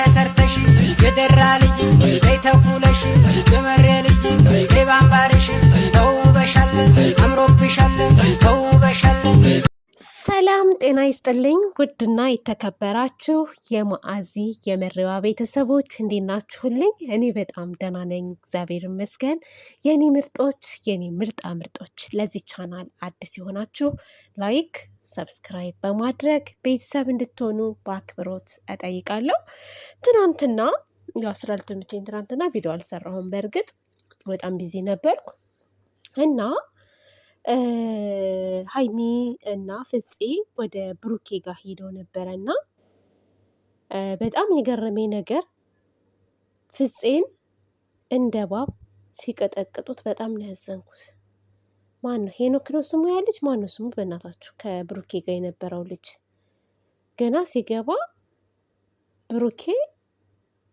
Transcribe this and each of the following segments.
ተሰርተሽ የደራ ልጅ በይ ተኩለሽ የመሬ ልጅ በይ ባምባርሽ ተውበሻለን አምሮብሻለን ተውበሻለን። ሰላም ጤና ይስጥልኝ። ውድና የተከበራችሁ የማአዚ የመሬዋ ቤተሰቦች እንዴት ናችሁልኝ? እኔ በጣም ደህና ነኝ፣ እግዚአብሔር ይመስገን። የኔ ምርጦች፣ የኔ ምርጣ ምርጦች፣ ለዚህ ቻናል አዲስ የሆናችሁ ላይክ ሰብስክራይብ በማድረግ ቤተሰብ እንድትሆኑ በአክብሮት እጠይቃለሁ። ትናንትና ያው ስራ ትናንትና ቪዲዮ አልሰራሁም። በእርግጥ በጣም ቢዚ ነበርኩ እና ሀይሚ እና ፍፄ ወደ ብሩኬ ጋር ሄደው ነበረ እና በጣም የገረመኝ ነገር ፍፄን እንደ እባብ ሲቀጠቅጡት በጣም ነው ያዘንኩት። ማን ነው ሄኖክ ነው ስሙ ያ ልጅ ማን ነው ስሙ? በእናታችሁ ከብሩኬ ጋር የነበረው ልጅ ገና ሲገባ ብሩኬ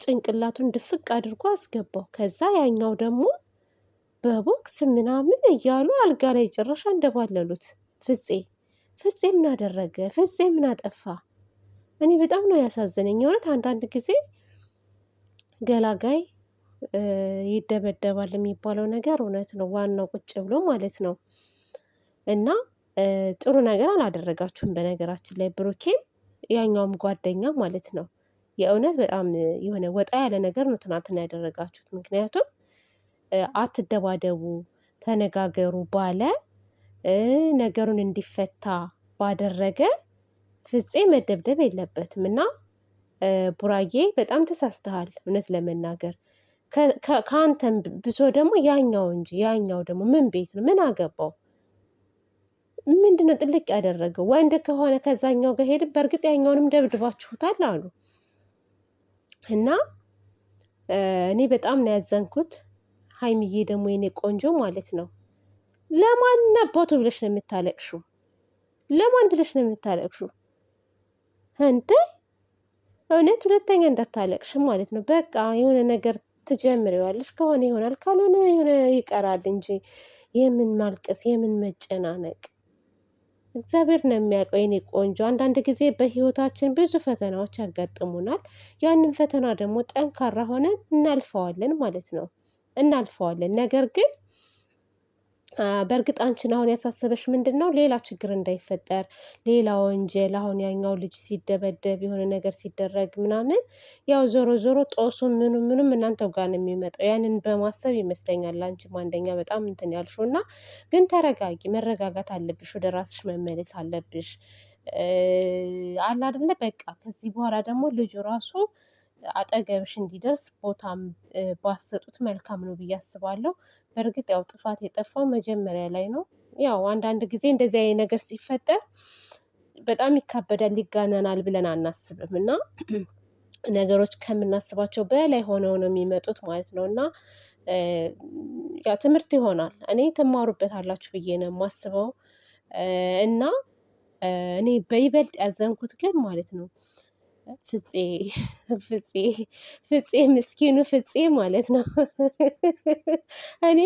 ጭንቅላቱን ድፍቅ አድርጎ አስገባው። ከዛ ያኛው ደግሞ በቦክስ ምናምን እያሉ አልጋ ላይ ጭራሽ እንደባለሉት። ፍፄ ፍፄ ምን አደረገ? ፍፄ ምን አጠፋ? እኔ በጣም ነው ያሳዘነኝ። የእውነት አንዳንድ ጊዜ ገላጋይ ይደበደባል የሚባለው ነገር እውነት ነው። ዋናው ቁጭ ብሎ ማለት ነው። እና ጥሩ ነገር አላደረጋችሁም በነገራችን ላይ ብሩኬም ያኛውም ጓደኛ ማለት ነው። የእውነት በጣም የሆነ ወጣ ያለ ነገር ነው ትናንትና ያደረጋችሁት። ምክንያቱም አትደባደቡ ተነጋገሩ ባለ ነገሩን እንዲፈታ ባደረገ ፍፄ መደብደብ የለበትም እና ቡራዬ በጣም ተሳስተሃል እውነት ለመናገር ከአንተም ብሶ ደግሞ ያኛው እንጂ ያኛው ደግሞ ምን ቤት ነው? ምን አገባው? ምንድነው ጥልቅ ያደረገው? ወንድ ከሆነ ከዛኛው ጋር ሄድን። በእርግጥ ያኛውንም ደብድባችሁታል አሉ እና እኔ በጣም ነው ያዘንኩት። ሀይሚዬ ደግሞ የኔ ቆንጆ ማለት ነው ለማን አባቱ ብለሽ ነው የምታለቅሹ? ለማን ብለሽ ነው የምታለቅሹ? እንደ እውነት ሁለተኛ እንዳታለቅሽ ማለት ነው። በቃ የሆነ ነገር ትጀምሪዋለሽ። ከሆነ ይሆናል፣ ካልሆነ የሆነ ይቀራል እንጂ የምን ማልቀስ የምን መጨናነቅ። እግዚአብሔር ነው የሚያውቀው የኔ ቆንጆ። አንዳንድ ጊዜ በህይወታችን ብዙ ፈተናዎች ያጋጥሙናል። ያንን ፈተና ደግሞ ጠንካራ ሆነን እናልፈዋለን ማለት ነው እናልፈዋለን ነገር ግን በእርግጥ አንቺን አሁን ያሳሰበሽ ምንድን ነው? ሌላ ችግር እንዳይፈጠር፣ ሌላ ወንጀል አሁን ያኛው ልጅ ሲደበደብ የሆነ ነገር ሲደረግ ምናምን፣ ያው ዞሮ ዞሮ ጦሱ ምኑ ምኑም እናንተው ጋር ነው የሚመጣው። ያንን በማሰብ ይመስለኛል አንቺም አንደኛ በጣም እንትን ያልሹ እና ግን ተረጋጊ፣ መረጋጋት አለብሽ፣ ወደ ራስሽ መመለስ አለብሽ። አላደለ በቃ ከዚህ በኋላ ደግሞ ልጁ ራሱ አጠገብሽ እንዲደርስ ቦታም ባሰጡት መልካም ነው ብዬ አስባለሁ። በእርግጥ ያው ጥፋት የጠፋው መጀመሪያ ላይ ነው። ያው አንዳንድ ጊዜ እንደዚህ አይነት ነገር ሲፈጠር በጣም ይካበዳል፣ ይጋነናል ብለን አናስብም እና ነገሮች ከምናስባቸው በላይ ሆነው ነው የሚመጡት ማለት ነው እና ያ ትምህርት ይሆናል። እኔ ትማሩበት አላችሁ ብዬ ነው የማስበው እና እኔ በይበልጥ ያዘንኩት ግን ማለት ነው ፍፄ ፍፄ ፍፄ ምስኪኑ ፍፄ ማለት ነው። እኔ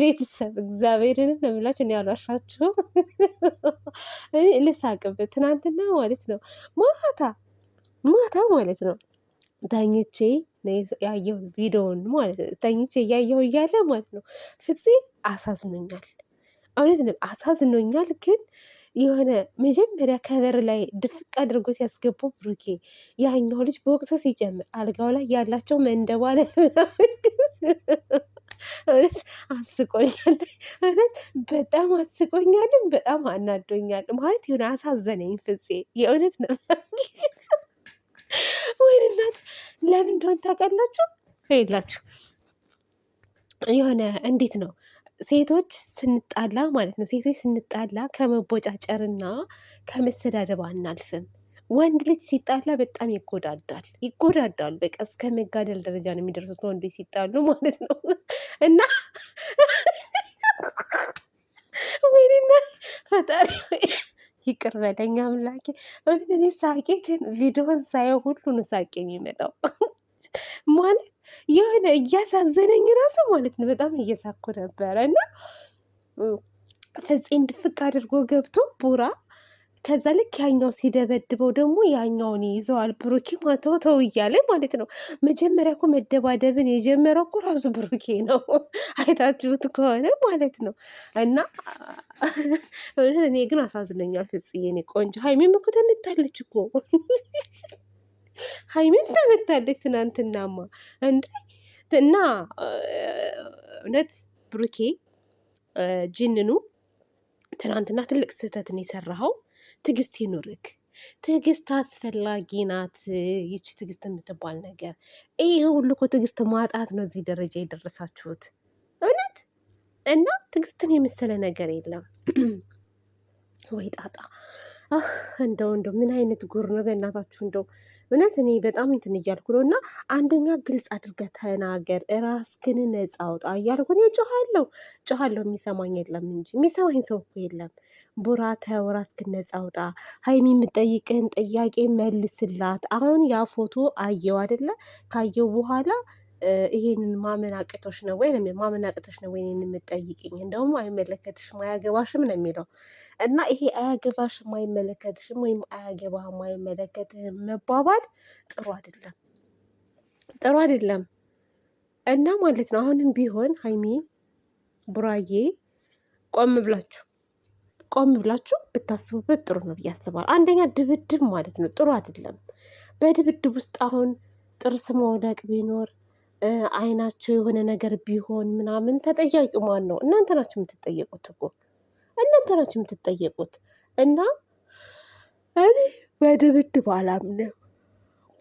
ቤተሰብ እግዚአብሔርን ነው የምላችሁ። እኔ ትናንትና ማለት ነው ማታ ማታ ማለት ነው ተኝቼ ማለት ነው ተኝቼ እያለ ማለት ነው ፍፄ አሳዝኖኛል። እውነት አሳዝኖኛል ግን የሆነ መጀመሪያ ከበር ላይ ድፍቅ አድርጎ ሲያስገቡ ብሩኬ ያኛው ልጅ ቦቅስ ሲጀምር አልጋው ላይ ያላቸው መንደባለል ምናምን እውነት አስቆኛል። እውነት በጣም አስቆኛልን፣ በጣም አናዶኛል። ማለት የሆነ አሳዘነኝ ፍፄ የእውነት ነው። ወይ እናት ለምን እንደሆነ ታውቃላችሁ? የላችሁ የሆነ እንዴት ነው ሴቶች ስንጣላ ማለት ነው ሴቶች ስንጣላ ከመቦጫጨርና ከመሰዳደብ አናልፍም። ወንድ ልጅ ሲጣላ በጣም ይጎዳዳል ይጎዳዳል። በቃ እስከ መጋደል ደረጃ ነው የሚደርሱት ወንዶች ሲጣሉ ማለት ነው እና ወይኔና ፈጣሪ ይቅር በለኝ አምላኬ። እኔ ሳቄ ግን ቪዲዮን ሳየው ሁሉ ነው ሳቄ የሚመጣው። ማለት የሆነ እያሳዘነኝ ራሱ ማለት ነው በጣም እየሳኩ ነበረ እና ፍፄ እንድፍቅ አድርጎ ገብቶ ቡራ ከዛ ልክ ያኛው ሲደበድበው ደግሞ ያኛውን ይዘዋል። ብሩኬ ማተው ተው እያለ ማለት ነው። መጀመሪያ እኮ መደባደብን የጀመረው እኮ ራሱ ብሩኬ ነው፣ አይታችሁት ከሆነ ማለት ነው። እና እኔ ግን አሳዝነኛል ፍጽዬ፣ እኔ ቆንጆ ሀይሚም እኮ ተመታለች እኮ ሀይሚን ተመታለች ትናንትናማ እንደ እና እውነት ብሩኬ ጅንኑ ትናንትና ትልቅ ስህተትን የሰራኸው ትዕግስት ይኑርክ። ትዕግስት አስፈላጊ ናት። ይቺ ትዕግስት የምትባል ነገር ይህ ሁሉ እኮ ትዕግስት ማጣት ነው እዚህ ደረጃ የደረሳችሁት እውነት። እና ትዕግስትን የመሰለ ነገር የለም ወይ ጣጣ አህ እንደው እንደው ምን አይነት ጉር ነው በእናታችሁ። እንደው እውነት እኔ በጣም እንትን እያልኩ ነው። እና አንደኛ ግልጽ አድርገህ ተናገር፣ ራስህን ነጻ አውጣ እያልኩ እኔ ጮኋለሁ ጮኋለሁ። የሚሰማኝ የለም እንጂ የሚሰማኝ ሰው እኮ የለም። ቡራ ተው፣ ራስህን ነጻ አውጣ። ሀይሚ የምጠይቅህን ጥያቄ መልስላት። አሁን ያ ፎቶ አየው አይደለ? ካየው በኋላ ይሄንን ማመን አቅቶሽ ነው ወይ ነው ማመን አቅቶሽ ነው ወይ የምጠይቅኝ? እንደውም አይመለከትሽም፣ አያገባሽም ነው የሚለው እና ይሄ አያገባሽም፣ አይመለከትሽም ወይም አያገባህም፣ አይመለከትህም መባባል ጥሩ አይደለም፣ ጥሩ አይደለም እና ማለት ነው። አሁንም ቢሆን ሀይሚ ቡራዬ ቆም ብላችሁ ቆም ብላችሁ ብታስቡበት ጥሩ ነው ብዬ አስባለሁ። አንደኛ ድብድብ ማለት ነው ጥሩ አይደለም። በድብድብ ውስጥ አሁን ጥርስ መውለቅ ቢኖር አይናቸው የሆነ ነገር ቢሆን ምናምን ተጠያቂ ማን ነው? እናንተ ናችሁ የምትጠየቁት እኮ እናንተ ናችሁ የምትጠየቁት። እና እኔ በድብድብ አላምንም።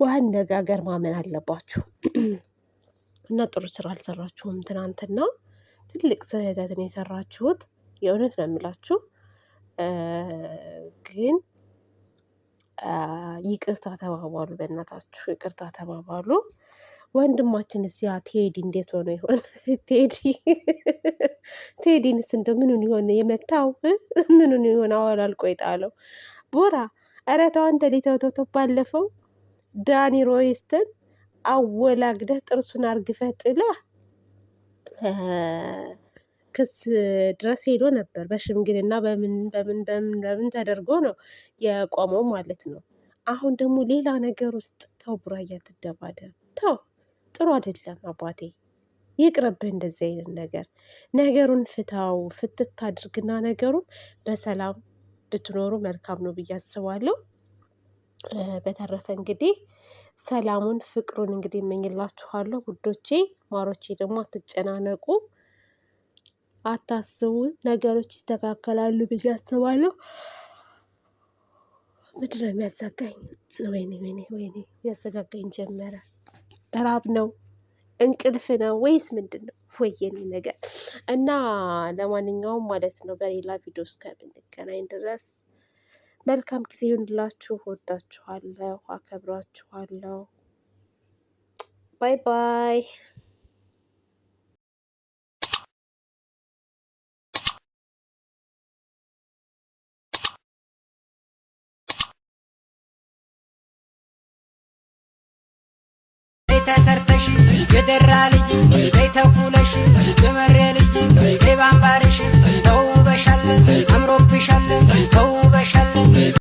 በአነጋገር ማመን አለባችሁ። እና ጥሩ ስራ አልሰራችሁም። ትናንትና ትልቅ ስህተትን የሰራችሁት የእውነት ነው የሚላችሁ። ግን ይቅርታ ተባባሉ፣ በእናታችሁ ይቅርታ ተባባሉ። ወንድማችን እዚያ ቴዲ እንዴት ሆኖ ይሆን? ቴዲ ቴዲንስ እንደ ምኑን ይሆን የመታው? ምኑን ይሆን አወላልቆ የጣለው? ቦራ ኧረ ተው አንተ ባለፈው ዳኒ ሮይስትን አወላግደህ ጥርሱን አርግፈህ ጥለህ ክስ ድረስ ሄዶ ነበር። በሽምግልና በምን በምን በምን በምን ተደርጎ ነው የቆመው ማለት ነው። አሁን ደግሞ ሌላ ነገር ውስጥ ተው፣ ቡራ እያትደባደብ ተው። ጥሩ አይደለም አባቴ፣ ይቅርብህ እንደዚህ አይነት ነገር። ነገሩን ፍታው፣ ፍትት አድርግና ነገሩን በሰላም ብትኖሩ መልካም ነው ብዬ አስባለሁ። በተረፈ እንግዲህ ሰላሙን ፍቅሩን እንግዲህ እመኝላችኋለሁ ውዶቼ፣ ማሮቼ ደግሞ አትጨናነቁ፣ አታስቡ፣ ነገሮች ይስተካከላሉ ብዬ አስባለሁ። ምድረ የሚያዘጋኝ ወይኔ ወይኔ ወይኔ ያዘጋጋኝ ጀመረ። ራብ ነው እንቅልፍ ነው ወይስ ምንድን ነው? ወየኔ ነገር እና ለማንኛውም ማለት ነው በሌላ ቪዲዮ እስከምንገናኝ ድረስ መልካም ጊዜ ይሁንላችሁ። ወዳችኋለሁ፣ አከብራችኋለሁ። ባይ ባይ። ተሰርተሽ የደራ ልጅ በይ ተኩለሽ የመሬ ልጅ በይ ባምባርሽ ተውበሻለን አምሮብሻለን ተውበሻለን